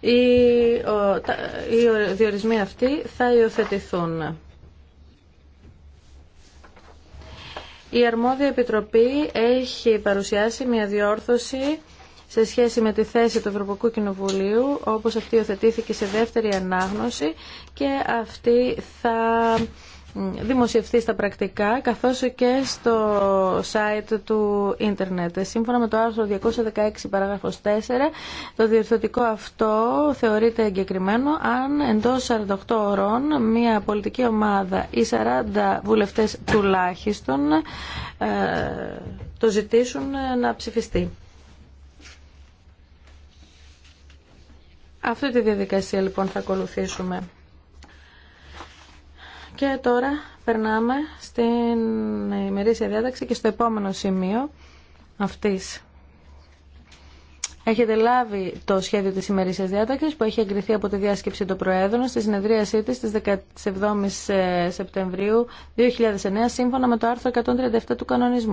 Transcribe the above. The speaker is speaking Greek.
οι διορισμοί αυτοί θα υιοθετηθούν. Η αρμόδια επιτροπή έχει παρουσιάσει μια διόρθωση σε σχέση με τη θέση του Ευρωπαϊκού Κοινοβουλίου, όπως αυτή υιοθετήθηκε σε δεύτερη ανάγνωση και αυτή θα δημοσιευθεί στα πρακτικά καθώς και στο site του ίντερνετ. Σύμφωνα με το άρθρο 216 παράγραφος 4 το διορθωτικό αυτό θεωρείται εγκεκριμένο αν εντός 48 ώρων μια πολιτική ομάδα ή 40 βουλευτές τουλάχιστον ε, το ζητήσουν να ψηφιστεί. Αυτή τη διαδικασία λοιπόν θα ακολουθήσουμε. Και τώρα περνάμε στην ημερήσια διάταξη και στο επόμενο σημείο αυτής. Έχετε λάβει το σχέδιο της ημερήσιας διάταξης που έχει εγκριθεί από τη διάσκεψη των Προέδρων στη συνεδρίασή της της 17 ε, Σεπτεμβρίου 2009 σύμφωνα με το άρθρο 137 του κανονισμού.